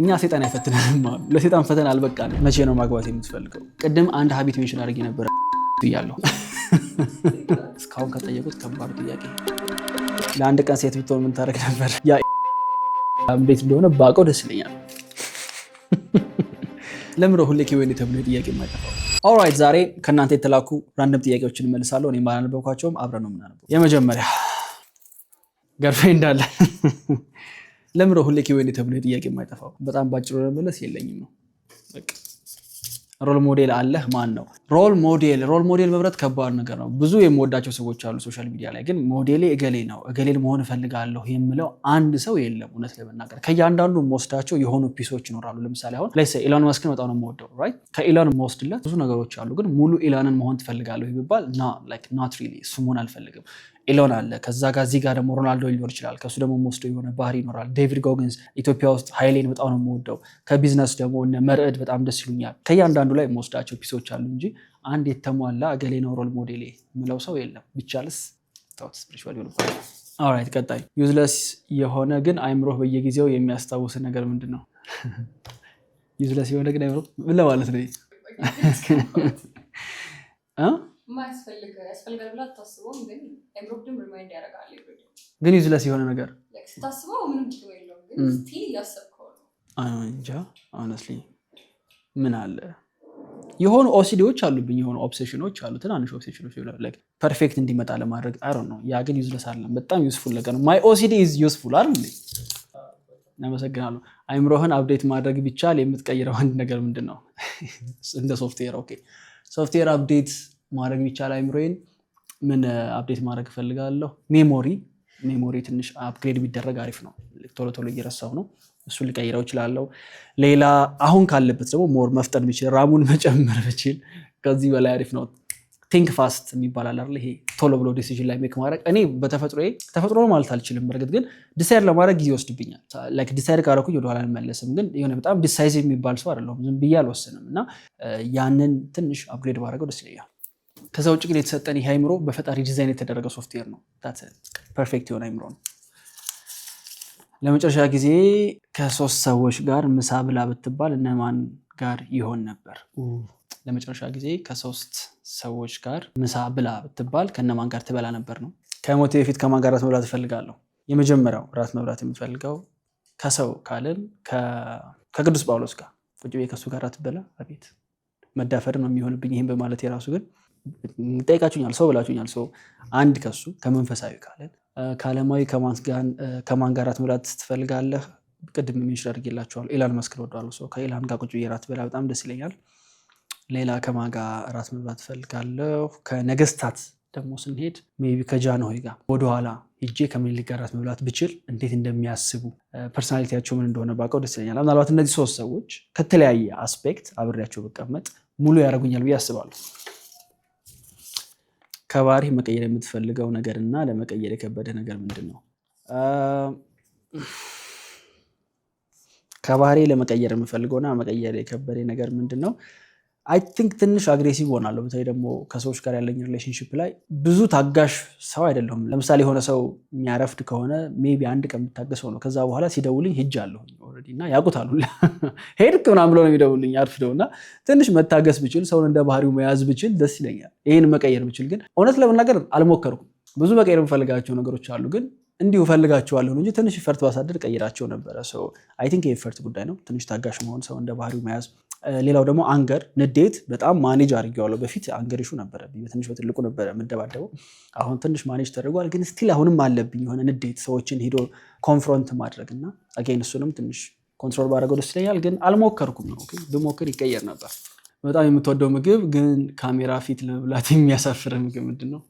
እኛ ሴጣን አይፈትነንም አሉ። ለሴጣን ፈተና አልበቃ መቼ ነው ማግባት የምትፈልገው? ቅድም አንድ ሀቢት ሜንሽን አድርጌ ነበረ ብያለሁ። እስካሁን ከጠየቁት ከባድ ጥያቄ ለአንድ ቀን ሴት ብትሆን ምን ታደርግ ነበር? እንዴት እንደሆነ ባውቀው ደስ ይለኛል። ለምሮ ሁሌ ኪወይን ተብሎ ጥያቄ የማይጠፋው ኦራይት፣ ዛሬ ከእናንተ የተላኩ ራንደም ጥያቄዎችን እመልሳለሁ። እኔ ባላነበብኳቸውም አብረን ነው የምናነበው። የመጀመሪያ ገርፌ እንዳለ ለምሮ ሁሌ ኪወን ተብሎ ጥያቄ የማይጠፋው በጣም ባጭሩ ለመለስ የለኝም ነው። ሮል ሞዴል አለህ ማን ነው? ሮል ሞዴል ሮል ሞዴል መብረት ከባድ ነገር ነው። ብዙ የምወዳቸው ሰዎች አሉ ሶሻል ሚዲያ ላይ ግን ሞዴሌ እገሌ ነው እገሌል መሆን እፈልጋለሁ የምለው አንድ ሰው የለም። እውነት ለመናገር ከእያንዳንዱ መወስዳቸው የሆኑ ፒሶች ይኖራሉ። ለምሳሌ አሁን ላይ ኢላን መስክን በጣም ነው የምወደው። ራይት ከኢላን መወስድለት ብዙ ነገሮች አሉ። ግን ሙሉ ኢላንን መሆን ትፈልጋለሁ ይባል ና ላይክ ናት ሪሊ እሱ መሆን አልፈልግም ኢሎን አለ። ከዛ ጋር እዚህ ጋር ደግሞ ሮናልዶ ሊኖር ይችላል። ከሱ ደግሞ ሞስዶ የሆነ ባህሪ ይኖራል። ዴቪድ ጎግንስ ኢትዮጵያ ውስጥ ሀይሌን በጣም ነው የምወደው። ከቢዝነስ ደግሞ እነ መርዕድ በጣም ደስ ይሉኛል። ከእያንዳንዱ ላይ መወስዳቸው ፒሶች አሉ እንጂ አንድ የተሟላ እገሌ ነው ሮል ሞዴሌ የምለው ሰው የለም። ቢቻልስ ስፒሪቹዋል ኦራይት። ቀጣይ ዩዝለስ የሆነ ግን አይምሮህ በየጊዜው የሚያስታውስ ነገር ምንድን ነው? ዩዝለስ የሆነ ግን አይምሮህ ምን ለማለት ነው? የማያስፈልግ ያስፈልጋል ብላ አታስበውም፣ ግን ኤምሮፕድም ሪማይንድ ያደርጋል። ግን ዩዝለስ የሆነ ነገር ስታስበው ምንም ጥቅም የለውም፣ ግን እያሰብከው ነው። እንጃ ሆነስትሊ ምን አለ የሆኑ ኦሲዲዎች አሉብኝ፣ የሆኑ ኦብሴሽኖች አሉ፣ ትናንሽ ኦብሴሽኖች ፐርፌክት እንዲመጣ ለማድረግ አይ ነው። ያ ግን ዩዝለስ አለም በጣም ዩስፉል ነገር ነው። ማይ ኦሲዲ ኢዝ ዩስፉል አይደል እንዴ? አመሰግናለሁ። አይምሮህን አፕዴት ማድረግ ቢቻል የምትቀይረው አንድ ነገር ምንድን ነው? እንደ ሶፍትዌር ኦኬ፣ ሶፍትዌር አፕዴት ማድረግ ቢቻል አይምሮዬን ምን አፕዴት ማድረግ እፈልጋለሁ። ሜሞሪ ሜሞሪ ትንሽ አፕግሬድ ቢደረግ አሪፍ ነው። ቶሎ ቶሎ እየረሳው ነው። እሱ ሊቀይረው ይችላለው ሌላ አሁን ካለበት ደግሞ ሞር መፍጠን ሚችል ራሙን መጨመር ብችል ከዚህ በላይ አሪፍ ነው። ቲንክ ፋስት የሚባል አለ ይሄ ቶሎ ብሎ ዲሲዥን ላይ ሜክ ማድረግ። እኔ በተፈጥሮ ተፈጥሮ ማለት አልችልም። በእርግጥ ግን ዲሳይድ ለማድረግ ጊዜ ወስድብኛል ዲሳይድ ካረኩ ወደኋላ አልመለስም። ግን የሆነ በጣም ዲሳይዝ የሚባል ሰው አይደለሁም። ዝም ብዬ አልወስንም እና ያንን ትንሽ አፕግሬድ ማድረገው ደስ ይለኛል። ከዛ ውጭ ግን የተሰጠን ይህ አይምሮ በፈጣሪ ዲዛይን የተደረገ ሶፍትዌር ነው። ፐርፌክት የሆነ አይምሮ ነው። ለመጨረሻ ጊዜ ከሶስት ሰዎች ጋር ምሳ ብላ ብትባል እነማን ጋር ይሆን ነበር? ለመጨረሻ ጊዜ ከሶስት ሰዎች ጋር ምሳ ብላ ብትባል ከእነማን ጋር ትበላ ነበር ነው። ከሞቴ በፊት ከማን ጋር ራት መብላት እፈልጋለሁ? የመጀመሪያው ራት መብላት የምፈልገው ከሰው ካልን ከቅዱስ ጳውሎስ ጋር ቁጭ ከሱ ጋር አትበላ። አቤት መዳፈር ነው የሚሆንብኝ ይህን በማለት የራሱ ግን ጠይቃችሁኛል፣ ሰው ብላችሁኛል። ሰው አንድ ከሱ ከመንፈሳዊ ካለን ከአለማዊ ከማን ጋር መብላት ትፈልጋለህ? ቅድም ሜንሽን አድርጌላችኋለሁ። ኢላን መስክ እወደዋለሁ። ሰው ከኢላን ጋር ቁጭ ብዬ ራት ብላ በጣም ደስ ይለኛል። ሌላ ከማን ጋር ራት መብላት ፈልጋለሁ ከነገስታት ደግሞ ስንሄድ ሜይ ቢ ከጃንሆይ ጋር ወደኋላ ሄጄ ከምኒልክ ጋር ራት መብላት ብችል እንዴት እንደሚያስቡ ፐርሶናሊቲያቸው ምን እንደሆነ ባቀው ደስ ይለኛል። ምናልባት እነዚህ ሶስት ሰዎች ከተለያየ አስፔክት አብሬያቸው ብቀመጥ ሙሉ ያደረጉኛል ብዬ አስባለሁ። ከባህሪህ መቀየር የምትፈልገው ነገር እና ለመቀየር የከበደ ነገር ምንድን ነው? ከባህሪ ለመቀየር የምፈልገውና መቀየር የከበደ ነገር ምንድን ነው? አይ ቲንክ ትንሽ አግሬሲቭ ሆናለሁ። በተለይ ደግሞ ከሰዎች ጋር ያለኝ ሪሌሽንሽፕ ላይ ብዙ ታጋሽ ሰው አይደለሁም። ለምሳሌ የሆነ ሰው የሚያረፍድ ከሆነ ቢ አንድ ቀን የምታገሰው ነው። ከዛ በኋላ ሲደውልኝ ሂጅ አለሁ እና ያውቁታሉ። ሄድክ ምናምን ብለው ነው የሚደውልኝ አርፍደው እና ትንሽ መታገስ ብችል፣ ሰውን እንደ ባህሪው መያዝ ብችል ደስ ይለኛል። ይህን መቀየር ብችል ግን እውነት ለመናገር አልሞከርኩም። ብዙ መቀየር የምፈልጋቸው ነገሮች አሉ ግን እንዲሁ እፈልጋቸዋለሁ እንጂ ትንሽ ፈርት ባሳደር ቀይራቸው ነበረ። አይ ቲንክ የፈርት ጉዳይ ነው። ትንሽ ታጋሽ መሆን፣ ሰው እንደ ባህሪው መያዝ ሌላው ደግሞ አንገር፣ ንዴት በጣም ማኔጅ አድርጌዋለሁ። በፊት አንገር ሹ ነበረብኝ፣ ትንሽ በትልቁ ነበረ የምደባደበው። አሁን ትንሽ ማኔጅ ተደርጓል፣ ግን ስቲል አሁንም አለብኝ የሆነ ንዴት፣ ሰዎችን ሄዶ ኮንፍሮንት ማድረግ እና አገኝ እሱንም ትንሽ ኮንትሮል ባደረገው ደስ ይለኛል፣ ግን አልሞከርኩም ነው። ግን ብሞክር ይቀየር ነበር። በጣም የምትወደው ምግብ ግን ካሜራ ፊት ለመብላት የሚያሳፍር ምግብ ምንድን ነው?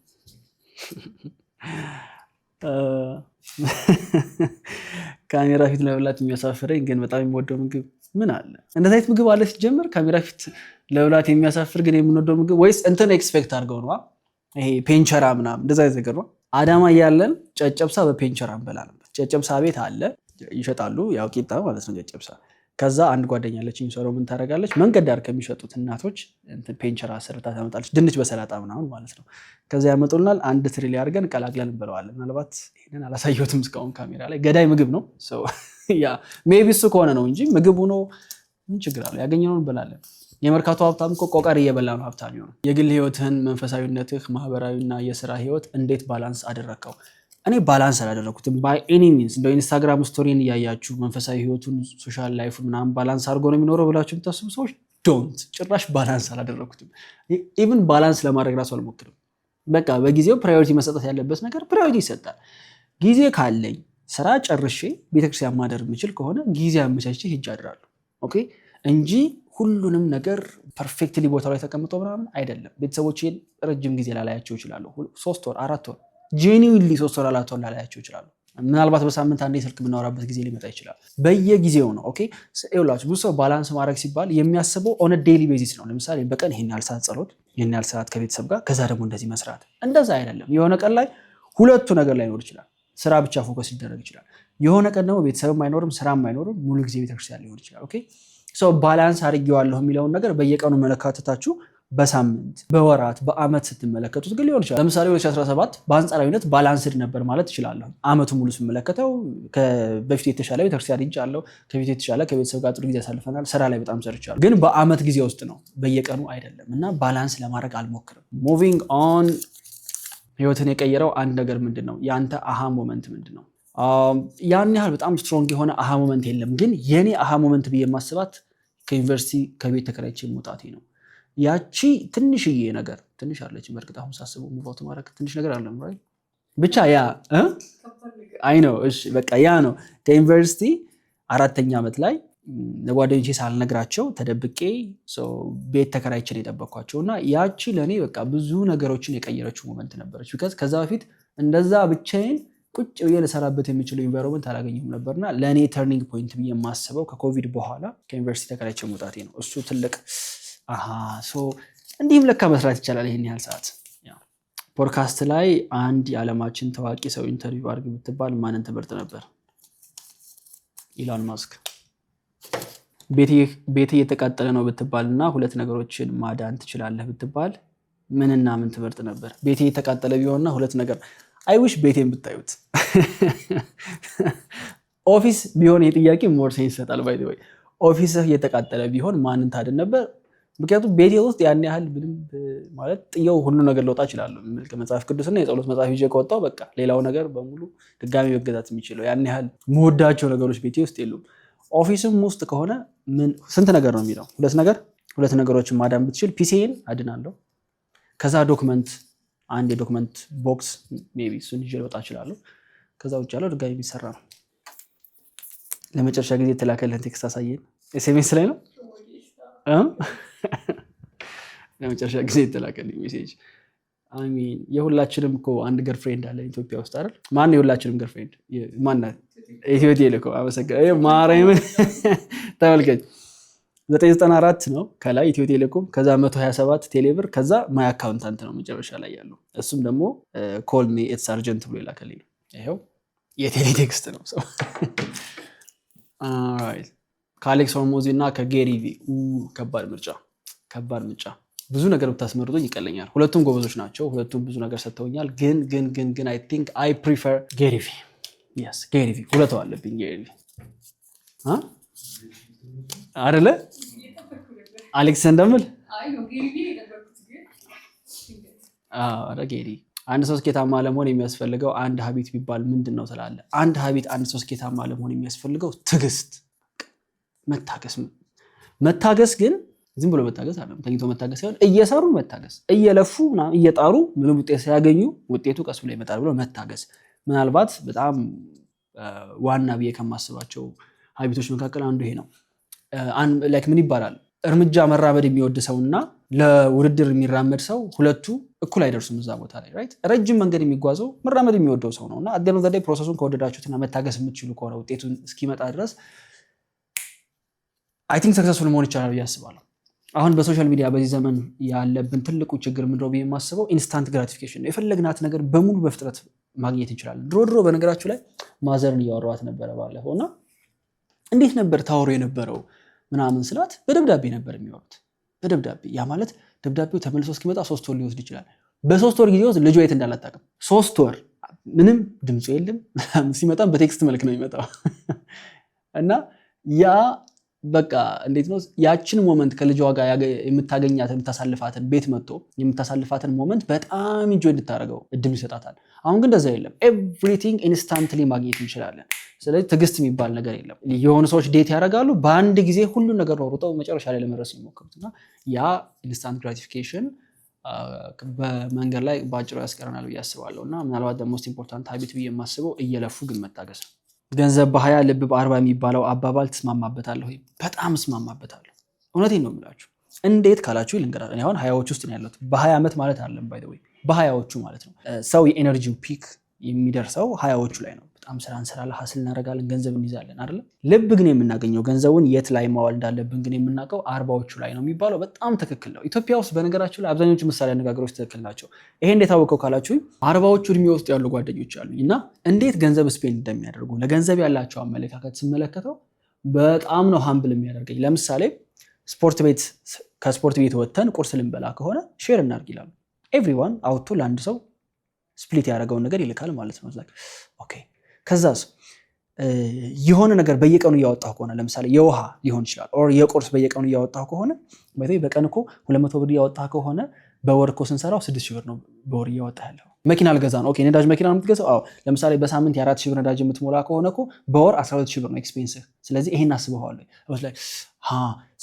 ካሜራ ፊት ለመብላት የሚያሳፍረኝ ግን በጣም የምወደው ምግብ ምን አለ እንደዚህ አይነት ምግብ አለ ሲጀምር ካሜራ ፊት ለብላት የሚያሳፍር ግን የምንወደው ምግብ ወይስ እንትን ኤክስፔክት አድርገው ነዋ ይሄ ፔንቸራ ምናምን እንደዛ ነገር ነው አዳማ እያለን ጨጨብሳ በፔንቸራ እንበላ ነበር ጨጨብሳ ቤት አለ ይሸጣሉ ያው ቂጣ ማለት ነው ጨጨብሳ ከዛ አንድ ጓደኛ አለችኝ ሰሮ ምን ታደረጋለች መንገድ ዳር ከሚሸጡት እናቶች ፔንቸር አሰርታ ታመጣለች። ድንች በሰላጣ ምናምን ማለት ነው። ከዚ ያመጡልናል። አንድ ትሪሊ አድርገን ቀላቅለን ብለዋል ምናልባት ይህንን አላሳየትም እስካሁን ካሜራ ላይ። ገዳይ ምግብ ነው ያ ሜቢ እሱ ከሆነ ነው እንጂ ምግብ ሆኖ ምን ችግር አለው? ያገኘነውን እንበላለን። የመርካቶ ሀብታም እኮ ቆቀር እየበላ ነው ሀብታም የሆነ። የግል ህይወትህን፣ መንፈሳዊነትህ፣ ማህበራዊና የስራ ህይወት እንዴት ባላንስ አደረግከው? እኔ ባላንስ አላደረኩትም ባይ ኤኒ ሚንስ። እንደ ኢንስታግራም ስቶሪን እያያችሁ መንፈሳዊ ህይወቱን ሶሻል ላይፍ ምናምን ባላንስ አድርጎ ነው የሚኖረው ብላችሁ የምታስቡ ሰዎች ዶንት፣ ጭራሽ ባላንስ አላደረኩትም። ኢቭን ባላንስ ለማድረግ ራሱ አልሞክርም። በቃ በጊዜው ፕራዮሪቲ መሰጠት ያለበት ነገር ፕራዮሪቲ ይሰጣል። ጊዜ ካለኝ ስራ ጨርሼ ቤተክርስቲያን ማደር የምችል ከሆነ ጊዜ አመቻችቼ ሂጅ አድራሉ እንጂ ሁሉንም ነገር ፐርፌክትሊ ቦታ ላይ ተቀምጦ ምናምን አይደለም። ቤተሰቦቼን ረጅም ጊዜ ላላያቸው ይችላሉ ሶስት ወር አራት ወር ጄኒዊንሊ ሶስት ወር አራት ወር ላላያቸው ይችላሉ። ምናልባት በሳምንት አንዴ ስልክ የምናወራበት ጊዜ ሊመጣ ይችላል። በየጊዜው ነው። ኦኬ ይኸውላችሁ ብዙ ሰው ባላንስ ማድረግ ሲባል የሚያስበው ኦነ ዴይሊ ቤዚስ ነው። ለምሳሌ በቀን ይህን ያህል ሰዓት ጸሎት፣ ይህን ያህል ሰዓት ከቤተሰብ ጋር፣ ከዛ ደግሞ እንደዚህ መስራት። እንደዛ አይደለም። የሆነ ቀን ላይ ሁለቱ ነገር ላይኖር ይችላል። ስራ ብቻ ፎከስ ሊደረግ ይችላል። የሆነ ቀን ደግሞ ቤተሰብም አይኖርም፣ ስራም አይኖርም፣ ሙሉ ጊዜ ቤተክርስቲያን ሊሆን ይችላል። ኦኬ ሰው ባላንስ አድርጌዋለሁ የሚለውን ነገር በየቀኑ መለካተታችሁ በሳምንት በወራት በአመት ስትመለከቱት ግን ሊሆን ይችላል። ለምሳሌ 2017 በአንጻራዊነት ባላንስድ ነበር ማለት እችላለሁ። አመቱ ሙሉ ስመለከተው በፊት የተሻለ ቤተክርስቲያን አለው ከፊት የተሻለ ከቤተሰብ ጋር ጥሩ ጊዜ ያሳልፈናል፣ ስራ ላይ በጣም ሰርቻለሁ። ግን በአመት ጊዜ ውስጥ ነው በየቀኑ አይደለም እና ባላንስ ለማድረግ አልሞክርም። ሙቪንግ ኦን ህይወትን የቀየረው አንድ ነገር ምንድን ነው? የአንተ አሃ ሞመንት ምንድን ነው? ያን ያህል በጣም ስትሮንግ የሆነ አሃ ሞመንት የለም። ግን የኔ አሃ ሞመንት ብዬ ማስባት ከዩኒቨርሲቲ ከቤት ተከራይቼ መውጣቴ ነው። ያቺ ትንሽዬ ነገር ትንሽ አለች። በእርግጥ አሁን ሳስበው ሙቫውት ማድረግ ትንሽ ነገር አለም ራይ ብቻ ያ አይ ነው እሺ፣ በቃ ያ ነው። ከዩኒቨርሲቲ አራተኛ ዓመት ላይ ለጓደኞቼ ሳልነግራቸው ተደብቄ ቤት ተከራይችን የጠበቅኳቸው እና ያቺ ለእኔ በቃ ብዙ ነገሮችን የቀየረችው ሞመንት ነበረች። ቢካዝ ከዛ በፊት እንደዛ ብቻዬን ቁጭ ብዬ ልሰራበት የሚችለው ኢንቫይሮመንት አላገኘሁም ነበርና ለእኔ ተርኒንግ ፖይንት ብዬ የማስበው ከኮቪድ በኋላ ከዩኒቨርሲቲ ተከራይችን መውጣቴ ነው። እሱ ትልቅ እንዲህም ለካ መስራት ይቻላል ይህን ያህል ሰዓት። ፖድካስት ላይ አንድ የዓለማችን ታዋቂ ሰው ኢንተርቪው አድርግ ብትባል ማንን ትምህርት ነበር? ኢሎን ማስክ። ቤት እየተቃጠለ ነው ብትባል እና ሁለት ነገሮችን ማዳን ትችላለህ ብትባል ምንና ምን ትምህርት ነበር? ቤቴ የተቃጠለ ቢሆንና ሁለት ነገር አይውሽ ቤቴን ብታዩት ኦፊስ ቢሆን ይህ ጥያቄ ይሰጣል። ባይ ኦፊስህ እየተቃጠለ ቢሆን ማንን ታድን ነበር? ምክንያቱም ቤቴ ውስጥ ያን ያህል ምንም ማለት ጥየው ሁሉ ነገር ለውጣ ይችላሉ እችላለሁ። መጽሐፍ ቅዱስና የጸሎት መጽሐፍ ይዤ ከወጣው በቃ ሌላው ነገር በሙሉ ድጋሚ መገዛት የሚችለው ያን ያህል መወዳቸው ነገሮች ቤቴ ውስጥ የሉም። ኦፊስም ውስጥ ከሆነ ስንት ነገር ነው የሚለው ሁለት ነገር ሁለት ነገሮችን ማዳን ብትችል ፒሲን አድናለው። ከዛ ዶክመንት አንድ የዶክመንት ቦክስ ሜይ ቢ እሱን ይዤ ልወጣ እችላለሁ። ከዛ ውጭ ያለው ድጋሚ የሚሰራ ነው። ለመጨረሻ ጊዜ የተላከልህን ቴክስት አሳየን። ኤስኤምኤስ ላይ ነው ለመጨረሻ ጊዜ የተላከልኝ ሜሴጅ አሚን የሁላችንም እኮ አንድ ገርፍሬንድ አለ ኢትዮጵያ ውስጥ አይደል? ማን የሁላችንም ገርፍሬንድ ማናት? ኢትዮ ቴሌኮም አመሰግ ማርያምን ተመልከች፣ 994 ነው ከላይ ኢትዮ ቴሌኮም፣ ከዛ 127 ቴሌብር፣ ከዛ ማይ አካውንታንት ነው መጨረሻ ላይ ያለው። እሱም ደግሞ ኮል ሚ ኤትስ አርጀንት ብሎ ይላከል ነው። ይኸው የቴሌቴክስት ነው ሰው ከአሌክስ ሆርሞዚ እና ከጌሪቪ ከባድ ምርጫ ከባድ ምርጫ ብዙ ነገር ብታስመርጡኝ ይቀለኛል። ሁለቱም ጎበዞች ናቸው። ሁለቱም ብዙ ነገር ሰጥተውኛል። ግን ግን ግን ግን አይ ቲንክ አይ ፕሪፈር ጌሪቪ ቪ። የስ ሁለተው አለብኝ። ጌሪቪ አደለ አሌክሰን ደምል ጌሪ አንድ ሰው ስኬታማ ለመሆን የሚያስፈልገው አንድ ሀቢት ቢባል ምንድን ነው ትላለህ? አንድ ሀቢት አንድ ሰው ስኬታማ ለመሆን የሚያስፈልገው ትዕግስት፣ መታገስ መታገስ ግን ዝም ብሎ መታገስ አለ ተኝቶ መታገስ ሳይሆን እየሰሩ መታገስ፣ እየለፉ እየጣሩ ምንም ውጤት ሳያገኙ ውጤቱ ቀስ ብሎ ይመጣል ብሎ መታገስ ምናልባት በጣም ዋና ብዬ ከማስባቸው ሀቢቶች መካከል አንዱ ይሄ ነው። ላይክ ምን ይባላል እርምጃ መራመድ የሚወድ ሰው እና ለውድድር የሚራመድ ሰው ሁለቱ እኩል አይደርሱም እዛ ቦታ ላይ ራይት። ረጅም መንገድ የሚጓዘው መራመድ የሚወደው ሰው ነው እና አደነ ዘዳይ ፕሮሰሱን ከወደዳችሁትና መታገስ የምትችሉ ከሆነ ውጤቱን እስኪመጣ ድረስ አይ ቲንክ ሰክሰስፉል መሆን ይቻላል ብዬ አስባለሁ። አሁን በሶሻል ሚዲያ በዚህ ዘመን ያለብን ትልቁ ችግር ምንድነው ብዬ የማስበው ኢንስታንት ግራቲፊኬሽን ነው። የፈለግናት ነገር በሙሉ በፍጥነት ማግኘት እንችላለን። ድሮ ድሮ በነገራችሁ ላይ ማዘርን እያወራኋት ነበረ ባለፈው እና እንዴት ነበር ታወሩ የነበረው ምናምን ስላት በደብዳቤ ነበር የሚወሩት። በደብዳቤ ያ ማለት ደብዳቤው ተመልሶ እስኪመጣ ሶስት ወር ሊወስድ ይችላል። በሶስት ወር ጊዜ ውስጥ ልጇ የት እንዳላጣቅም ሶስት ወር ምንም ድምፁ የለም ሲመጣም በቴክስት መልክ ነው የሚመጣው እና ያ በቃ እንዴት ነው ያችን ሞመንት ከልጇ ጋር የምታገኛት የምታሳልፋትን ቤት መጥቶ የምታሳልፋትን ሞመንት በጣም እንጆ እንድታደርገው እድል ይሰጣታል። አሁን ግን እንደዛ የለም። ኤቭሪቲንግ ኢንስታንትሊ ማግኘት እንችላለን። ስለዚህ ትዕግስት የሚባል ነገር የለም። የሆኑ ሰዎች ዴት ያደርጋሉ፣ በአንድ ጊዜ ሁሉን ነገር ነው ሩጠው መጨረሻ ላይ ለመድረስ የሚሞክሩት እና ያ ኢንስታንት ግራቲፊኬሽን በመንገድ ላይ በአጭሩ ያስቀረናል ብዬ አስባለሁ እና ምናልባት ደግሞ ሞስት ኢምፖርታንት ሀቢት ብዬ የማስበው እየለፉ ግን መታገስ ነው። ገንዘብ በሀያ ልብ በአርባ የሚባለው አባባል ትስማማበታለህ ወይ? በጣም እስማማበታለሁ። እውነቴን ነው የምላችሁ። እንዴት ካላችሁ ልንገራል። እኔ አሁን ሀያዎች ውስጥ ነው ያለሁት። በሀያ ዓመት ማለት አለም ባይ በሀያዎቹ ማለት ነው። ሰው የኤነርጂው ፒክ የሚደርሰው ሀያዎቹ ላይ ነው። በጣም ስራ እንሰራለን፣ ሀስል እናደርጋለን፣ ገንዘብ እንይዛለን አይደለ? ልብ ግን የምናገኘው ገንዘቡን የት ላይ ማዋል እንዳለብን ግን የምናውቀው አርባዎቹ ላይ ነው የሚባለው በጣም ትክክል ነው። ኢትዮጵያ ውስጥ በነገራችን ላይ አብዛኞቹ ምሳሌ አነጋገሮች ትክክል ናቸው። ይሄ እንዴት አወቀው ካላችሁ አርባዎቹ እድሜ ውስጥ ያሉ ጓደኞች አሉኝ እና እንዴት ገንዘብ ስፔንድ እንደሚያደርጉ ለገንዘብ ያላቸው አመለካከት ስመለከተው በጣም ነው ሀምብል የሚያደርገኝ። ለምሳሌ ስፖርት ቤት ከስፖርት ቤት ወጥተን ቁርስ ልንበላ ከሆነ ሼር እናድርግ ይላሉ። ኤቭሪዋን አውቶ ለአንድ ሰው ስፕሊት ያደረገውን ነገር ይልካል ማለት ነው። ኦኬ ከዛስ የሆነ ነገር በየቀኑ እያወጣሁ ከሆነ ለምሳሌ የውሃ ሊሆን ይችላል ኦር የቁርስ በየቀኑ እያወጣሁ ከሆነ በተለይ በቀን እኮ ሁለት መቶ ብር እያወጣ ከሆነ በወር እኮ ስንሰራው ስድስት ሺህ ብር ነው በወር እያወጣ ያለው። መኪና አልገዛ ነው። ኦኬ ነዳጅ መኪና ነው የምትገዛው። አዎ ለምሳሌ በሳምንት የአራት ሺህ ብር ነዳጅ የምትሞላ ከሆነ እኮ በወር አስራ ሁለት ሺህ ብር ነው ኤክስፔንስ። ስለዚህ ይሄን አስበዋለሁ ላይ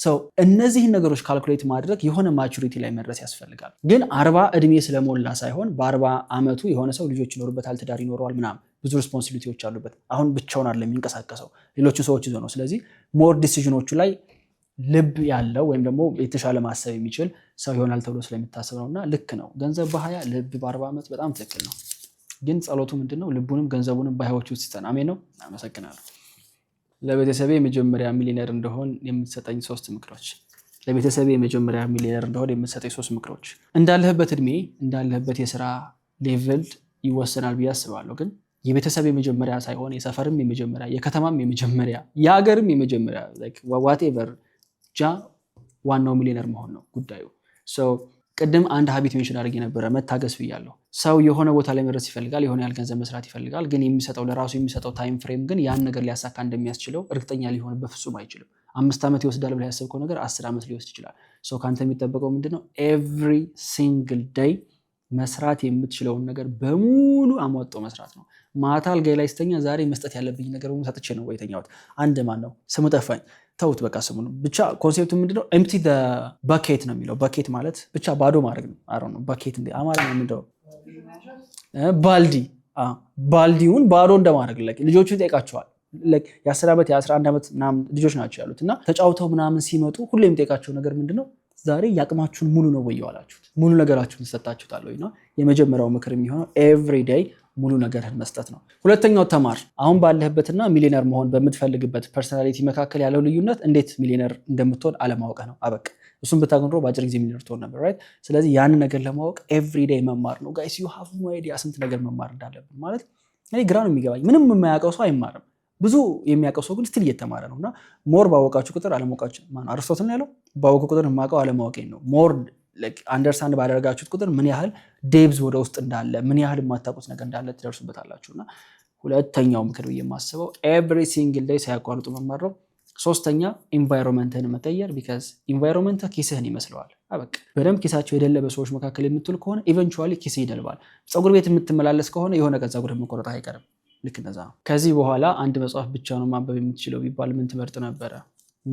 ሰው እነዚህን ነገሮች ካልኩሌት ማድረግ የሆነ ማቹሪቲ ላይ መድረስ ያስፈልጋል። ግን አርባ እድሜ ስለሞላ ሳይሆን በአርባ ዓመቱ የሆነ ሰው ልጆች ይኖርበታል፣ ትዳር ይኖረዋል ምናምን ብዙ ሪስፖንሲቢሊቲዎች አሉበት። አሁን ብቻውን አለ የሚንቀሳቀሰው ሌሎቹ ሰዎች ይዞ ነው። ስለዚህ ሞር ዲሲዥኖቹ ላይ ልብ ያለው ወይም ደግሞ የተሻለ ማሰብ የሚችል ሰው ይሆናል ተብሎ ስለሚታሰብ ነው። እና ልክ ነው ገንዘብ በሀያ ልብ በአርባ ዓመት በጣም ትክክል ነው። ግን ጸሎቱ ምንድን ነው? ልቡንም ገንዘቡንም በሀያዎች ውስጥ ይስጠን። አሜን ነው። አመሰግናለሁ። ለቤተሰቤ የመጀመሪያ ሚሊነር እንደሆን የምትሰጠኝ ሶስት ምክሮች ለቤተሰብ የመጀመሪያ ሚሊነር እንደሆን የምትሰጠኝ ሶስት ምክሮች። እንዳለህበት እድሜ እንዳለህበት የስራ ሌቭል ይወሰናል ብዬ አስባለሁ። ግን የቤተሰብ የመጀመሪያ ሳይሆን የሰፈርም የመጀመሪያ የከተማም የመጀመሪያ የሀገርም የመጀመሪያ ዋቴቨር ጃ ዋናው ሚሊዮነር መሆን ነው ጉዳዩ። ቅድም አንድ ሀቢት ሜንሽን አድርግ የነበረ መታገስ ብያለሁ። ሰው የሆነ ቦታ ላይ መድረስ ይፈልጋል፣ የሆነ ያህል ገንዘብ መስራት ይፈልጋል። ግን የሚሰጠው ለራሱ የሚሰጠው ታይም ፍሬም ግን ያን ነገር ሊያሳካ እንደሚያስችለው እርግጠኛ ሊሆን በፍጹም አይችልም። አምስት ዓመት ይወስዳል ብላ ያሰብከው ነገር አስር ዓመት ሊወስድ ይችላል። ሰው ከአንተ የሚጠበቀው ምንድነው? ኤቭሪ ሲንግል ደይ መስራት የምትችለውን ነገር በሙሉ አሟጦ መስራት ነው። ማታ አልጋ ላይ ስተኛ ዛሬ መስጠት ያለብኝ ነገር በሙሉ ሰጥቼ ነው የተኛሁት። አንድ ማን ነው ስሙ ጠፋኝ፣ ተውት በቃ ስሙ ነው ብቻ። ኮንሴፕቱ ምንድነው? ኤምቲ ባኬት ነው የሚለው። ባኬት ማለት ብቻ ባዶ ማድረግ ነው። አ ነው ባኬት እንደ አማርኛ ምንድነው? ባልዲ ባልዲውን ባዶ እንደማድረግ ልጆቹ ይጠይቃቸዋል። የአስር ዓመት የአስራ አንድ ዓመት ልጆች ናቸው ያሉት እና ተጫውተው ምናምን ሲመጡ ሁሌ የሚጠይቃቸው ነገር ምንድነው ዛሬ የአቅማችሁን ሙሉ ነው ወይ የዋላችሁት? ሙሉ ነገራችሁን ሰጣችሁታል ወይ? የመጀመሪያው ምክር የሚሆነው ኤቭሪ ዴይ ሙሉ ነገርህን መስጠት ነው። ሁለተኛው ተማር። አሁን ባለህበትና ሚሊነር መሆን በምትፈልግበት ፐርሰናሊቲ መካከል ያለው ልዩነት እንዴት ሚሊነር እንደምትሆን አለማወቅ ነው። አበቃ። እሱም ብታገኝ በአጭር ጊዜ ሚሊነር ትሆን ነበር። ራይት። ስለዚህ ያንን ነገር ለማወቅ ኤቭሪ ዴይ መማር ነው። ጋይስ ዩ ሃቭ ኖ አይዲያ ስንት ነገር መማር እንዳለብን ማለት እኔ ግራ ነው የሚገባኝ። ምንም የማያውቀው ሰው አይማርም። ብዙ የሚያውቀው ሰው ግን ስትል እየተማረ ነው እና ሞር ባወቃችሁ ቁጥር አለማወቃችን ማነው አርስቶትል ያለው ባወቀ ቁጥር የማውቀው አለማወቄን ነው ሞር አንደርስታንድ ባደረጋችሁት ቁጥር ምን ያህል ዴብዝ ወደ ውስጥ እንዳለ ምን ያህል የማታውቁት ነገር እንዳለ ትደርሱበታላችሁ እና ሁለተኛው ምክር ብዬ የማስበው ኤቭሪ ሲንግል ላይ ሳያቋርጡ መማር ነው። ሶስተኛ ኢንቫይሮንመንትህን መቀየር ቢካዝ ኢንቫይሮንመንት ኪስህን ይመስለዋል። አበቃ በደንብ ኪሳቸው የደለበ ሰዎች መካከል የምትውል ከሆነ ኢቨንቹዋሊ ኪስ ይደልባል። ፀጉር ቤት የምትመላለስ ከሆነ የሆነ ቀን ፀጉር መቆረጥ አይቀርም። ልክ እንደዛ ነው። ከዚህ በኋላ አንድ መጽሐፍ ብቻ ነው ማንበብ የምትችለው ቢባል ምን ትመርጥ ነበረ?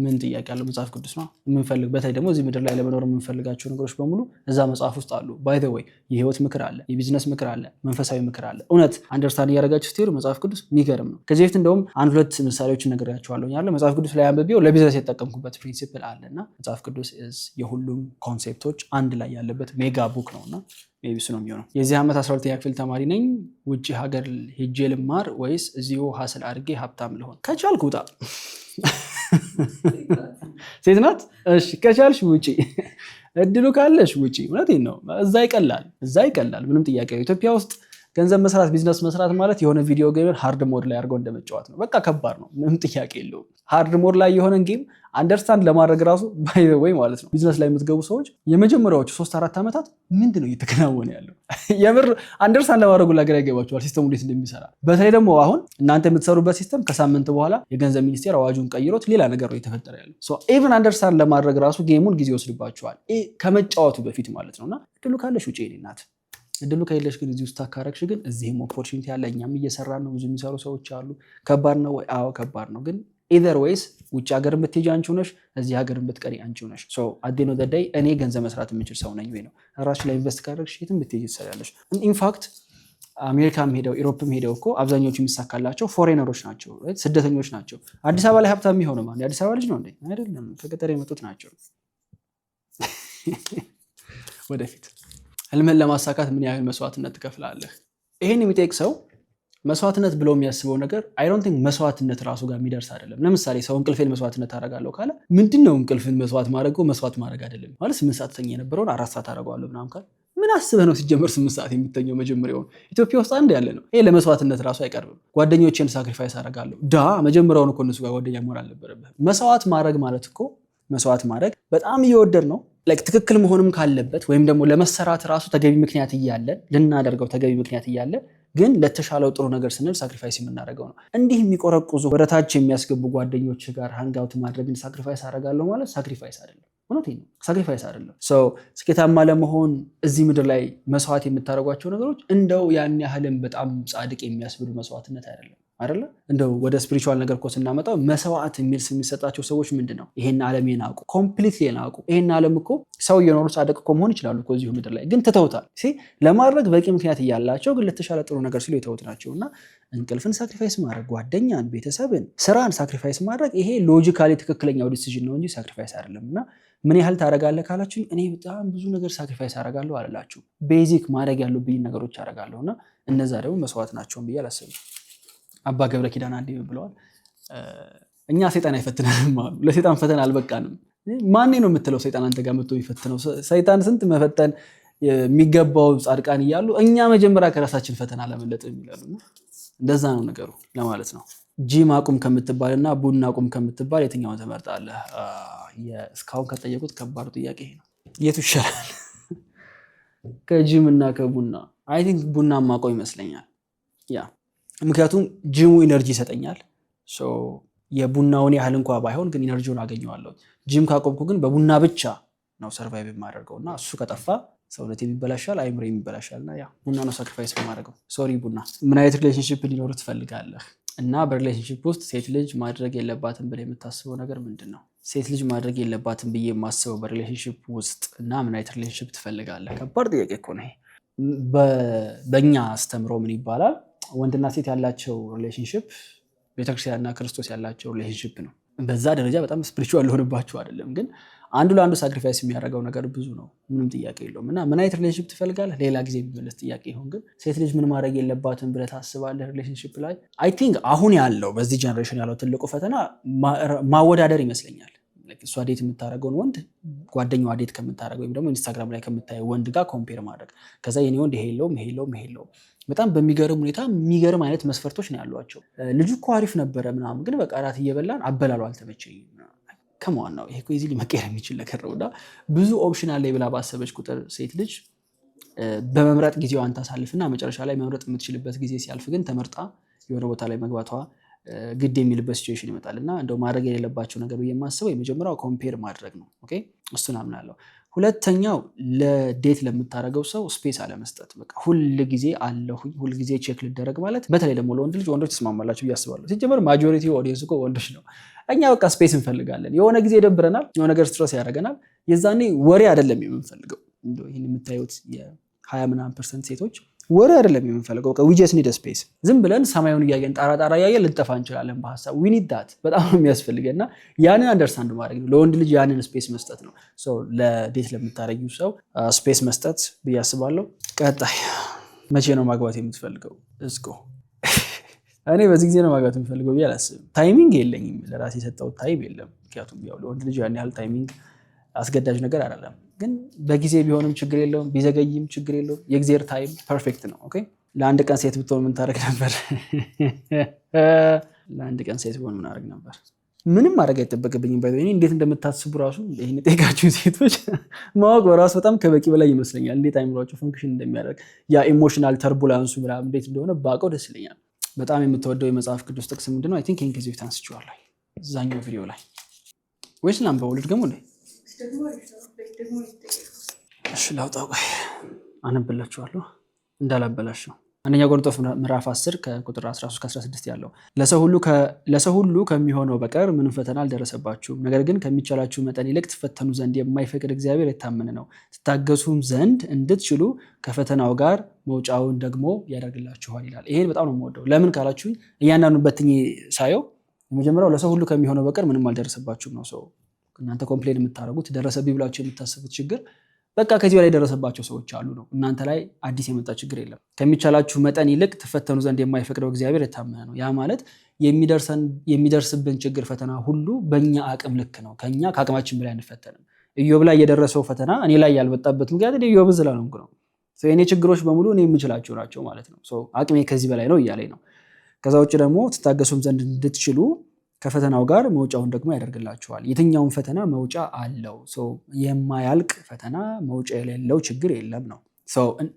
ምን ጥያቄ ያለው መጽሐፍ ቅዱስ ነው የምንፈልግ። በተለይ ደግሞ እዚህ ምድር ላይ ለመኖር የምንፈልጋቸው ነገሮች በሙሉ እዛ መጽሐፍ ውስጥ አሉ። ባይ ዘ ወይ የህይወት ምክር አለ፣ የቢዝነስ ምክር አለ፣ መንፈሳዊ ምክር አለ። እውነት አንደርስታንድ እያደረጋችሁ ስትሄዱ መጽሐፍ ቅዱስ የሚገርም ነው። ከዚህ በፊት እንደውም አንድ ሁለት ምሳሌዎችን ነገራቸዋለሁ ያለ መጽሐፍ ቅዱስ ላይ አንብቤው ለቢዝነስ የጠቀምኩበት ፕሪንሲፕል አለ እና መጽሐፍ ቅዱስ የሁሉም ኮንሴፕቶች አንድ ላይ ያለበት ሜጋ ቡክ ነው እና ነው የሚሆነው። የዚህ ዓመት 12ኛ ክፍል ተማሪ ነኝ። ውጭ ሀገር ሄጄ ልማር ወይስ እዚሁ ሀስል አድርጌ ሀብታም ልሆን? ከቻልኩ ውጣ ሴት ናት። እሺ ከቻልሽ ውጪ፣ እድሉ ካለሽ ውጪ። እውነቴን ነው። እዛ ይቀላል፣ እዛ ይቀላል። ምንም ጥያቄ ኢትዮጵያ ውስጥ ገንዘብ መስራት ቢዝነስ መስራት ማለት የሆነ ቪዲዮ ጌምን ሃርድ ሞድ ላይ አድርገው እንደመጫወት ነው። በቃ ከባድ ነው፣ ምንም ጥያቄ የለውም። ሃርድ ሞድ ላይ የሆነን ጌም አንደርስታንድ ለማድረግ ራሱ ባይ ወይ ማለት ነው። ቢዝነስ ላይ የምትገቡ ሰዎች የመጀመሪያዎቹ ሶስት አራት ዓመታት ምንድን ነው እየተከናወነ ያለው የምር አንደርስታንድ ለማድረጉ ላገር ያገባቸዋል፣ ሲስተሙ እንዴት እንደሚሰራ። በተለይ ደግሞ አሁን እናንተ የምትሰሩበት ሲስተም ከሳምንት በኋላ የገንዘብ ሚኒስቴር አዋጁን ቀይሮት ሌላ ነገር ነው የተፈጠረ ያለው። ኢቨን አንደርስታንድ ለማድረግ ራሱ ጌሙን ጊዜ ይወስድባቸዋል ከመጫወቱ በፊት ማለት ነውና ድሉ ካለሽ ውጭ ናት እድሉ ከሌለሽ ግን እዚህ ውስጥ ታካረግሽ ግን እዚህም ኦፖርቹኒቲ አለ። እኛም እየሰራ ነው። ብዙ የሚሰሩ ሰዎች አሉ። ከባድ ነው ወይ? አዎ ከባድ ነው። ግን ኢዘር ወይስ ውጭ ሀገር ብትሄጂ አንቺው ነሽ፣ እዚህ ሀገር ብትቀሪ አንቺው ነሽ። አዴኖ ዘዳይ እኔ ገንዘብ መስራት የምችል ሰው ነኝ ወይ ነው። ራሱ ላይ ኢንቨስት ካደረግሽ የትም ብትሄጂ ትሰሪያለሽ። ኢንፋክት አሜሪካም ሄደው ኢሮፕም ሄደው እኮ አብዛኞቹ የሚሳካላቸው ፎሬነሮች ናቸው፣ ስደተኞች ናቸው። አዲስ አበባ ላይ ሀብታም የሚሆነው ማለት የአዲስ አበባ ልጅ ነው እንዴ? አይደለም፣ ከገጠር የመጡት ናቸው። ወደፊት ህልምን ለማሳካት ምን ያህል መስዋዕትነት ትከፍላለህ? ይሄን የሚጠይቅ ሰው መስዋዕትነት ብሎ የሚያስበው ነገር አይ ቲንክ መስዋዕትነት ራሱ ጋር የሚደርስ አይደለም። ለምሳሌ ሰው እንቅልፌን መስዋዕትነት አደርጋለሁ ካለ ምንድን ነው እንቅልፍን መስዋዕት ማድረገው መስዋዕት ማድረግ አይደለም ማለት ስምንት ሰዓት ተኛ የነበረውን አራት ሰዓት አደርገዋለሁ ምናም ካል ምን አስበህ ነው ሲጀመር ስምንት ሰዓት የሚተኘው? መጀመሪያውን ኢትዮጵያ ውስጥ አንድ ያለ ነው። ይሄ ለመስዋዕትነት ራሱ አይቀርብም። ጓደኞቼን ሳክሪፋይስ አረጋለሁ ዳ መጀመሪያውን እኮ እነሱ ጋር ጓደኛ መሆን አልነበረበት መስዋዕት ማድረግ ማለት እኮ መስዋዕት ማድረግ በጣም እየወደድ ነው ትክክል መሆንም ካለበት ወይም ደግሞ ለመሰራት ራሱ ተገቢ ምክንያት እያለን ልናደርገው ተገቢ ምክንያት እያለ ግን ለተሻለው ጥሩ ነገር ስንል ሳክሪፋይስ የምናደርገው ነው። እንዲህ የሚቆረቁዙ ወደታች የሚያስገቡ ጓደኞች ጋር ሃንጋውት ማድረግን ሳክሪፋይስ አደርጋለሁ ማለት ሳክሪፋይስ አይደለም። እውነቴን ነው፣ ሳክሪፋይስ አይደለም። ሰው ስኬታማ ለመሆን እዚህ ምድር ላይ መስዋዕት የምታደርጓቸው ነገሮች እንደው ያን ያህልም በጣም ጻድቅ የሚያስብሉ መስዋዕትነት አይደለም። አይደለ እንደው ወደ ስፒሪቹዋል ነገር እኮ ስናመጣው መሰዋዕት የሚል የሚሰጣቸው ሰዎች ምንድን ነው? ይሄን ዓለም የናቁ ኮምፕሊትሊ የናቁ ይሄን ዓለም እኮ ሰው እየኖሩ ጻድቅ እኮ መሆን ይችላሉ እኮ እዚሁ ምድር ላይ ግን ትተውታል። ለማድረግ በቂ ምክንያት እያላቸው ግን ለተሻለ ጥሩ ነገር ሲሉ የተውት ናቸው። እና እንቅልፍን ሳክሪፋይስ ማድረግ፣ ጓደኛን፣ ቤተሰብን፣ ስራን ሳክሪፋይስ ማድረግ ይሄ ሎጂካሊ ትክክለኛው ዲሲዥን ነው እንጂ ሳክሪፋይስ አይደለም። እና ምን ያህል ታደርጋለህ ካላችሁ እኔ በጣም ብዙ ነገር ሳክሪፋይስ አደርጋለሁ አላላችሁ። ቤዚክ ማድረግ ያሉብኝ ነገሮች አደርጋለሁ እና እነዛ ደግሞ መስዋዕት ናቸውን ብዬ አላስብም። አባ ገብረ ኪዳን አንዴ ብለዋል፣ እኛ ሴጣን አይፈትነንም አሉ። ለሰይጣን ፈተና አልበቃንም። ማኔ ነው የምትለው ሰይጣን አንተ ጋር መጥቶ የሚፈትነው? ሰይጣን ስንት መፈተን የሚገባው ጻድቃን እያሉ እኛ መጀመሪያ ከራሳችን ፈተና ለመለጥ የሚላሉ እንደዛ ነው ነገሩ ለማለት ነው። ጂም አቁም ከምትባል እና ቡና አቁም ከምትባል የትኛውን ትመርጣለህ? እስካሁን ከጠየቁት ከባዱ ጥያቄ ነው። የቱ ይሻላል ከጂም እና ከቡና? አይ ቲንክ ቡና ማቆም ይመስለኛል ያ ምክንያቱም ጅሙ ኢነርጂ ይሰጠኛል። የቡናውን ያህል እንኳ ባይሆን ግን ኢነርጂውን አገኘዋለሁ። ጅም ካቆምኩ ግን በቡና ብቻ ነው ሰርቫይቭ የማደርገው እና እሱ ከጠፋ ሰውነት የሚበላሻል፣ አይምሮ የሚበላሻል። እና ያ ቡና ነው ሳክሪፋይስ በማድረገው ሶሪ ቡና። ምን አይነት ሪሌሽንሽፕ ሊኖር ትፈልጋለህ? እና በሪሌሽንሽፕ ውስጥ ሴት ልጅ ማድረግ የለባትም ብለ የምታስበው ነገር ምንድን ነው? ሴት ልጅ ማድረግ የለባትም ብዬ የማስበው በሪሌሽንሽፕ ውስጥ እና ምን አይነት ሪሌሽንሽፕ ትፈልጋለህ? ከባድ ጥያቄ እኮ ነው። በእኛ አስተምሮ ምን ይባላል ወንድና ሴት ያላቸው ሪሌሽንሽፕ ቤተክርስቲያንና ክርስቶስ ያላቸው ሪሌሽንሽፕ ነው። በዛ ደረጃ በጣም ስፕሪቹዋል ሊሆንባቸው አይደለም፣ ግን አንዱ ለአንዱ ሳክሪፋይስ የሚያደርገው ነገር ብዙ ነው። ምንም ጥያቄ የለውም። እና ምን አይነት ሪሌሽንሽፕ ትፈልጋለህ? ሌላ ጊዜ የሚመለስ ጥያቄ ይሆን። ግን ሴት ልጅ ምን ማድረግ የለባትም ብለህ ታስባለህ? ሪሌሽንሽፕ ላይ አይ ቲንክ አሁን ያለው በዚህ ጀኔሬሽን ያለው ትልቁ ፈተና ማወዳደር ይመስለኛል። እሷ ዴት የምታደረገውን ወንድ ጓደኛዋ ዴት ከምታደረገ ወይም ደግሞ ኢንስታግራም ላይ ከምታየው ወንድ ጋር ኮምፔር ማድረግ ከዛ የኔ ወንድ ይሄ የለውም ይሄ የለውም ይሄ የለውም። በጣም በሚገርም ሁኔታ የሚገርም አይነት መስፈርቶች ነው ያሏቸው። ልጁ እኮ አሪፍ ነበረ ምናምን፣ ግን በቃ እራት እየበላን አበላሉ አልተመቸኝ ከመዋን ነው ይሄ? እዚህ ሊመቀየር የሚችል ነገር ነው። እና ብዙ ኦፕሽን አለ ብላ ባሰበች ቁጥር ሴት ልጅ በመምረጥ ጊዜዋን ታሳልፍና መጨረሻ ላይ መምረጥ የምትችልበት ጊዜ ሲያልፍ ግን ተመርጣ የሆነ ቦታ ላይ መግባቷ ግድ የሚልበት ሲቹዌሽን ይመጣል እና እንደው ማድረግ የሌለባቸው ነገር ብዬ የማስበው የመጀመሪያው ኮምፔር ማድረግ ነው። ኦኬ እሱን አምናለሁ። ሁለተኛው ለዴት ለምታደርገው ሰው ስፔስ አለመስጠት። በቃ ሁል ጊዜ አለሁኝ ሁል ጊዜ ቼክ ልደረግ ማለት በተለይ ደግሞ ለወንድ ልጅ ወንዶች ተስማማላቸው ብዬ አስባለሁ። ሲጀመር ማጆሪቲ ኦዲየንስ እኮ ወንዶች ነው። እኛ በቃ ስፔስ እንፈልጋለን። የሆነ ጊዜ ይደብረናል፣ የሆነ ነገር ስትረስ ያደረገናል። የዛኔ ወሬ አይደለም የምንፈልገው። ይህን የምታዩት የሀያ ምናምን ፐርሰንት ሴቶች ወሬ አይደለም የምንፈልገው። በቃ ኒድ ስፔስ። ዝም ብለን ሰማዩን እያየን ጣራ ጣራ እያየን ልንጠፋ እንችላለን በሀሳብ። ዊ ኒድ ዳት በጣም ነው የሚያስፈልገን እና ያንን አንደርስታንድ ማድረግ ነው። ለወንድ ልጅ ያንን ስፔስ መስጠት ነው። ለዴት ለምታረጊው ሰው ስፔስ uh, መስጠት ብዬ አስባለሁ። ቀጣይ መቼ ነው ማግባት የምትፈልገው? እስኮ እኔ በዚህ ጊዜ ነው ማግባት የምፈልገው ብዬ አላስብም። ታይሚንግ የለኝም፣ ለራሴ የሰጠው ታይም የለም። ምክንያቱም ያው ለወንድ ልጅ ያን ያህል ታይሚንግ አስገዳጅ ነገር አይደለም። ግን በጊዜ ቢሆንም ችግር የለውም፣ ቢዘገይም ችግር የለውም። የእግዜር ታይም ፐርፌክት ነው። ኦኬ ለአንድ ቀን ሴት ብትሆን ምን ታደርግ ነበር? ለአንድ ቀን ሴት ቢሆን ምን አደርግ ነበር? ምንም ማድረግ አይጠበቅብኝም። ባይ እንዴት እንደምታስቡ ራሱ ይህን ሴቶች ማወቅ በራሱ በጣም ከበቂ በላይ ይመስለኛል። እንዴት አይምሯቸው ፈንክሽን እንደሚያደርግ ያ ኢሞሽናል ተርቡላንሱ ምናምን እንዴት እንደሆነ ባውቀው ደስ ይለኛል። በጣም የምትወደው የመጽሐፍ ቅዱስ ጥቅስ ምንድነው? አይ ቲንክ ይህን ከዚህ እዛኛው ቪዲዮ ላይ ወይስ ላንብበው? ልድገመው እሺ ላውጣ። ቆይ አነብላችኋለሁ እንዳላበላሽው። አንደኛ ቆሮንቶስ ምዕራፍ 10 ከቁጥር 13 16 ያለው ለሰው ሁሉ ከሚሆነው በቀር ምንም ፈተና አልደረሰባችሁም። ነገር ግን ከሚቻላችሁ መጠን ይልቅ ትፈተኑ ዘንድ የማይፈቅድ እግዚአብሔር የታመነ ነው። ትታገሱም ዘንድ እንድትችሉ ከፈተናው ጋር መውጫውን ደግሞ ያደርግላችኋል ይላል። ይሄን በጣም ነው የምወደው። ለምን ካላችሁ እያንዳንዱ በትኝ ሳየው የመጀመሪያው ለሰው ሁሉ ከሚሆነው በቀር ምንም አልደረሰባችሁም ነው ሰው እናንተ ኮምፕሌን የምታደረጉት ደረሰብኝ ብላቸው የምታስቡት ችግር በቃ ከዚህ በላይ የደረሰባቸው ሰዎች አሉ ነው። እናንተ ላይ አዲስ የመጣ ችግር የለም። ከሚቻላችሁ መጠን ይልቅ ትፈተኑ ዘንድ የማይፈቅደው እግዚአብሔር የታመነ ነው። ያ ማለት የሚደርስብን ችግር ፈተና ሁሉ በእኛ አቅም ልክ ነው። ከኛ ከአቅማችን በላይ አንፈተንም። እዮብ ላይ የደረሰው ፈተና እኔ ላይ ያልመጣበት ምክንያት ኢዮብን ስላልሆንኩ ነው። የእኔ ችግሮች በሙሉ እኔ የምችላቸው ናቸው ማለት ነው። አቅሜ ከዚህ በላይ ነው እያለኝ ነው። ከዛ ውጭ ደግሞ ትታገሱም ዘንድ እንድትችሉ ከፈተናው ጋር መውጫውን ደግሞ ያደርግላችኋል። የትኛውን ፈተና መውጫ አለው። የማያልቅ ፈተና መውጫ የሌለው ችግር የለም ነው።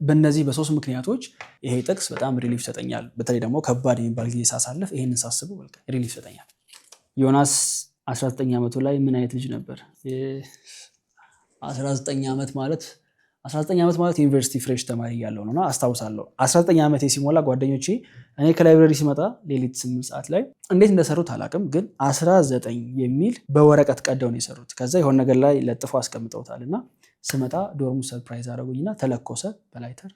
በእነዚህ በሶስት ምክንያቶች ይሄ ጥቅስ በጣም ሪሊፍ ይሰጠኛል። በተለይ ደግሞ ከባድ የሚባል ጊዜ ሳሳልፍ ይሄንን ሳስበው ሪሊፍ ይሰጠኛል። ዮናስ 19 ዓመቱ ላይ ምን አይነት ልጅ ነበር? 19 ዓመት ማለት 19 ዓመት ማለት ዩኒቨርሲቲ ፍሬሽ ተማሪ እያለሁ ነው እና አስታውሳለሁ 19 ዓመቴ ሲሞላ ጓደኞቼ እኔ ከላይብረሪ ሲመጣ ሌሊት 8 ሰዓት ላይ እንዴት እንደሰሩት አላቅም ግን 19 የሚል በወረቀት ቀደው ነው የሰሩት። ከዛ የሆነ ነገር ላይ ለጥፎ አስቀምጠውታል እና ስመጣ ዶርሙ ሰርፕራይዝ አደረጉኝና ተለኮሰ በላይተር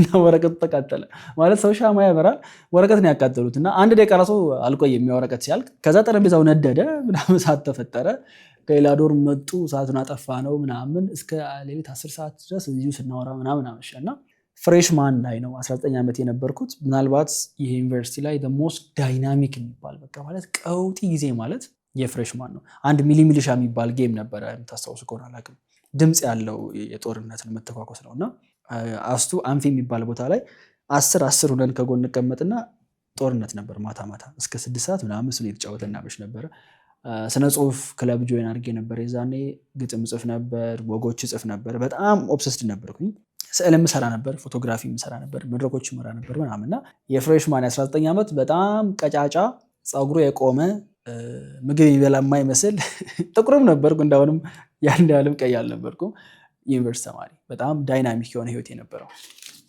እና ወረቀቱ ተቃጠለ ማለት ሰው ሻማ ያበራል፣ ወረቀት ነው ያቃጠሉት። እና አንድ ደቂቃ ራሱ አልቆየም ወረቀት ሲያልቅ። ከዛ ጠረጴዛው ነደደ ምናምን፣ እሳት ተፈጠረ። ከሌላ ዶር መጡ፣ እሳቱን አጠፋ ነው ምናምን። እስከ ሌሊት አስር ሰዓት ድረስ እዚሁ ስናወራ ምናምን አመሸ እና ማን ላይ ነው 19 ዓመት የነበርኩት። ምናልባት ይሄ ዩኒቨርሲቲ ላይ ሞስት ዳይናሚክ የሚባል በቃ ማለት ቀውጢ ጊዜ ማለት ማን ነው። አንድ ሚሊ ሚሊሻ የሚባል ጌም ነበረ፣ የምታስታውሱ ከሆነ አላውቅም። ድምፅ ያለው የጦርነትን መተኳኮስ ነው እና አስቱ አንፊ የሚባል ቦታ ላይ አስር አስር ሁነን ከጎን እንቀመጥና ጦርነት ነበር። ማታ ማታ እስከ ስድስት ሰዓት ምናምን እሱን የተጫወትን እናመሽ ነበረ። ስነ ጽሁፍ ክለብ ጆይን አድርጌ ነበር። የዛኔ ግጥም ጽፍ ነበር፣ ወጎች ጽፍ ነበር። በጣም ኦብሰስድ ነበርኩኝ። ስዕል ምሰራ ነበር፣ ፎቶግራፊ ምሰራ ነበር፣ መድረኮች መራ ነበር ምናምንና የፍሬሽማን 19 ዓመት በጣም ቀጫጫ ፀጉሩ የቆመ ምግብ የሚበላ የማይመስል ጥቁርም ነበርኩ። እንዳሁንም ያን ያህልም ቀይ አልነበርኩም። የዩኒቨርሲቲ ተማሪ በጣም ዳይናሚክ የሆነ ህይወት የነበረው።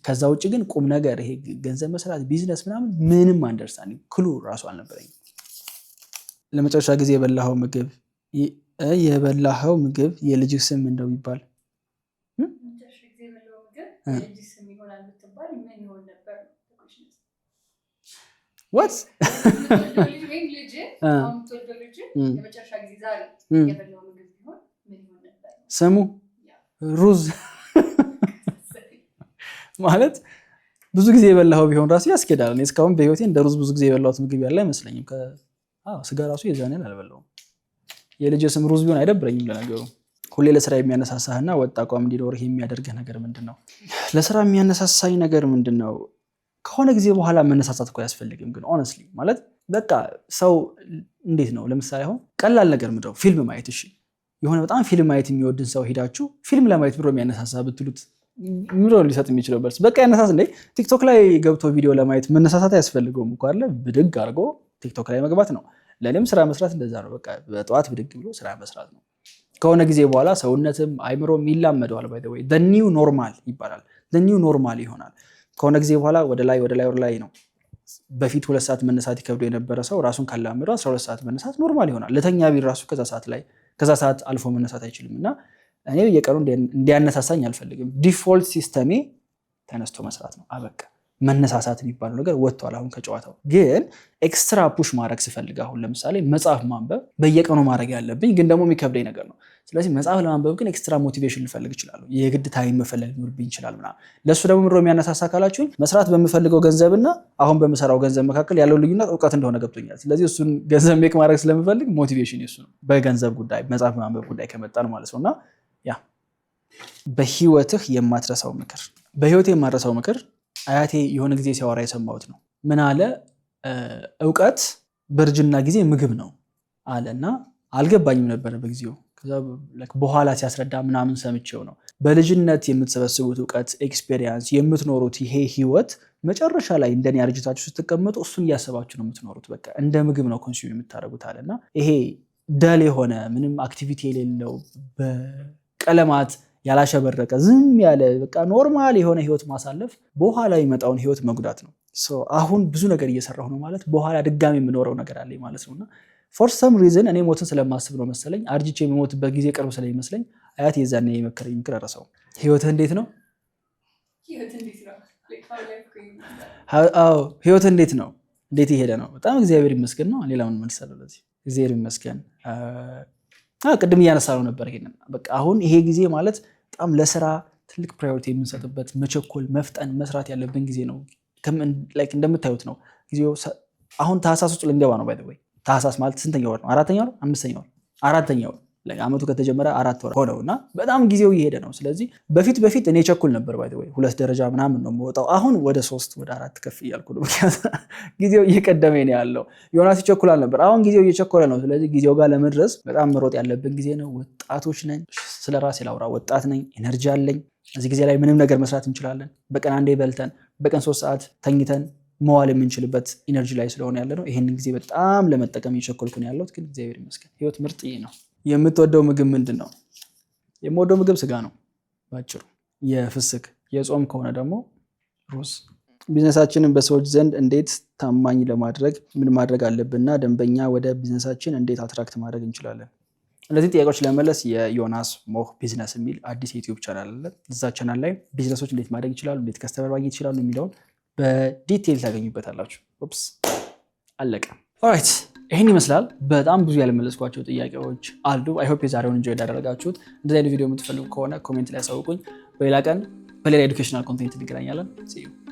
ከዛ ውጭ ግን ቁም ነገር ይሄ ገንዘብ መስራት፣ ቢዝነስ ምናምን ምንም አንደርሳን ክሉ ራሱ አልነበረኝ ለመጨረሻ ጊዜ የበላኸው ምግብ የበላኸው ምግብ የልጅ ስም እንደው ይባል ወት ስሙ ሩዝ ማለት ብዙ ጊዜ የበላው ቢሆን ራሱ ያስኬዳል። እኔ እስካሁን በህይወቴ እንደ ሩዝ ብዙ ጊዜ የበላሁት ምግብ ያለ አይመስለኝም። ስጋ ራሱ የዛን ያህል አልበላሁም። የልጅ ስም ሩዝ ቢሆን አይደብረኝም። ለነገሩ ሁሌ ለስራ የሚያነሳሳህና ወጥ አቋም እንዲኖርህ የሚያደርግህ ነገር ምንድን ነው? ለስራ የሚያነሳሳኝ ነገር ምንድን ነው? ከሆነ ጊዜ በኋላ መነሳሳት እኮ አያስፈልግም። ግን ኦነስትሊ ማለት በቃ ሰው እንዴት ነው? ለምሳሌ አሁን ቀላል ነገር ምድረው ፊልም ማየት እሺ የሆነ በጣም ፊልም ማየት የሚወድን ሰው ሄዳችሁ ፊልም ለማየት ብሮ የሚያነሳሳ ብትሉት ምሮ ሊሰጥ የሚችለው በርስ በቃ ያነሳስ እንደ ቲክቶክ ላይ ገብቶ ቪዲዮ ለማየት መነሳሳት አያስፈልገውም እኮ አለ። ብድግ አድርጎ ቲክቶክ ላይ መግባት ነው። ለእኔም ስራ መስራት እንደዛ ነው። በቃ በጠዋት ብድግ ብሎ ስራ መስራት ነው። ከሆነ ጊዜ በኋላ ሰውነትም አይምሮም ይላመደዋል። ባይ ወይ ኒው ኖርማል ይባላል። ኒው ኖርማል ይሆናል። ከሆነ ጊዜ በኋላ ወደ ላይ ወደ ላይ ወደ ላይ ነው። በፊት ሁለት ሰዓት መነሳት ይከብዶ የነበረ ሰው ራሱን ካላመደው አስራ ሁለት ሰዓት መነሳት ኖርማል ይሆናል። ልተኛ ቢል ራሱ ከዛ ሰዓት ላይ ከዛ ሰዓት አልፎ መነሳት አይችልም እና እኔ በየቀኑ እንዲያነሳሳኝ አልፈልግም። ዲፎልት ሲስተሜ ተነስቶ መስራት ነው። አበቃ። መነሳሳት የሚባለው ነገር ወጥቷል። አሁን ከጨዋታው ግን ኤክስትራ ፑሽ ማድረግ ስፈልግ አሁን ለምሳሌ መጽሐፍ ማንበብ በየቀኑ ማድረግ ያለብኝ ግን ደግሞ የሚከብደኝ ነገር ነው። ስለዚህ መጽሐፍ ለማንበብ ግን ኤክስትራ ሞቲቬሽን ልፈልግ ይችላሉ። የግድ ታይም መፈለግ ሊኖርብኝ ይችላል ምናምን። ለእሱ ደግሞ ምሮ የሚያነሳሳ አካላችሁኝ መስራት በምፈልገው ገንዘብና አሁን በምሰራው ገንዘብ መካከል ያለው ልዩነት እውቀት እንደሆነ ገብቶኛል። ስለዚህ እሱን ገንዘብ ሜክ ማድረግ ስለምፈልግ ሞቲቬሽን የሱ ነው፣ በገንዘብ ጉዳይ መጽሐፍ በማንበብ ጉዳይ ከመጣን ማለት ነው። እና ያ በህይወትህ የማትረሳው ምክር በህይወት የማትረሳው ምክር አያቴ የሆነ ጊዜ ሲያወራ የሰማሁት ነው። ምን አለ፣ እውቀት በእርጅና ጊዜ ምግብ ነው አለ እና አልገባኝም ነበረ በጊዜው። ከዛ በኋላ ሲያስረዳ ምናምን ሰምቼው ነው። በልጅነት የምትሰበስቡት እውቀት፣ ኤክስፔሪንስ የምትኖሩት ይሄ ህይወት መጨረሻ ላይ እንደኔ አርጅታችሁ ስትቀመጡ እሱን እያሰባችሁ ነው የምትኖሩት። በቃ እንደ ምግብ ነው ኮንሱም የምታደርጉት አለና ይሄ ደል የሆነ ምንም አክቲቪቲ የሌለው በቀለማት ያላሸበረቀ ዝም ያለ በቃ ኖርማል የሆነ ህይወት ማሳለፍ በኋላ የሚመጣውን ህይወት መጉዳት ነው። አሁን ብዙ ነገር እየሰራሁ ነው ማለት በኋላ ድጋሚ የምኖረው ነገር አለ ማለት ነው እና ፎር ሰም ሪዝን እኔ ሞትን ስለማስብ ነው መሰለኝ አርጅቼ የሚሞትበት ጊዜ ቅርብ ስለሚመስለኝ አያት የዛኔ የመከረኝ ምክር ረሰው ህይወትህ እንዴት ነው? አዎ ህይወት እንዴት ነው? እንዴት የሄደ ነው? በጣም እግዚአብሔር ይመስገን ነው። ሌላ ምን መልስ አለ ለዚህ? እግዚአብሔር ይመስገን። ቅድም እያነሳ ነው ነበር ይሄንን። በቃ አሁን ይሄ ጊዜ ማለት በጣም ለስራ ትልቅ ፕራዮሪቲ የምንሰጥበት መቸኮል፣ መፍጠን፣ መስራት ያለብን ጊዜ ነው። እንደምታዩት ነው ጊዜው። አሁን ታህሳስ ውስጥ ልንገባ ነው። ባይ ዘ ማለት ስንተኛ ወር ነው? አራተኛ ወር፣ አምስተኛ ወር፣ አራተኛ ወር አመቱ ከተጀመረ አራት ወር ሆነው እና በጣም ጊዜው እየሄደ ነው። ስለዚህ በፊት በፊት እኔ ቸኩል ነበር ባይ ወይ ሁለት ደረጃ ምናምን ነው የምወጣው። አሁን ወደ ሶስት ወደ አራት ከፍ እያልኩ ነው፣ ምክንያቱም ጊዜው እየቀደመ ነው ያለው። ዮናስ ይቸኩላል ነበር፣ አሁን ጊዜው እየቸኮለ ነው። ስለዚህ ጊዜው ጋር ለመድረስ በጣም መሮጥ ያለብን ጊዜ ነው። ወጣቶች ነን። ስለ ራሴ ላውራ፣ ወጣት ነኝ፣ ኤነርጂ አለኝ። እዚህ ጊዜ ላይ ምንም ነገር መስራት እንችላለን። በቀን አንዴ በልተን በቀን ሶስት ሰዓት ተኝተን መዋል የምንችልበት ኢነርጂ ላይ ስለሆነ ያለ ነው። ይህንን ጊዜ በጣም ለመጠቀም እየቸኮልኩ ነው ያለሁት፣ ግን እግዚአብሔር ይመስገን ህይወት ምርጥ ነው። የምትወደው ምግብ ምንድን ነው? የምወደው ምግብ ስጋ ነው ባጭሩ። የፍስክ የጾም ከሆነ ደግሞ ሩዝ። ቢዝነሳችንን በሰዎች ዘንድ እንዴት ታማኝ ለማድረግ ምን ማድረግ አለብንና ደንበኛ ወደ ቢዝነሳችን እንዴት አትራክት ማድረግ እንችላለን? እነዚህ ጥያቄዎች ለመለስ የዮናስ ሞህ ቢዝነስ የሚል አዲስ የዩቲዩብ ቻናል አለ። እዛ ቻናል ላይ ቢዝነሶች እንዴት ማድረግ ይችላሉ፣ እንዴት ከስተመር ማግኘት ይችላሉ የሚለውን በዲቴይል ታገኙበታላችሁ። ኦፕስ አለቀ። ኦራይት ይህን ይመስላል። በጣም ብዙ ያልመለስኳቸው ጥያቄዎች አሉ። አይሆፕ የዛሬውን እንጆ እንዳደረጋችሁት። እንደዚህ አይነት ቪዲዮ የምትፈልጉ ከሆነ ኮሜንት ላይ ያሳውቁኝ። በሌላ ቀን በሌላ ኤዱኬሽናል ኮንቴንት እንገናኛለን።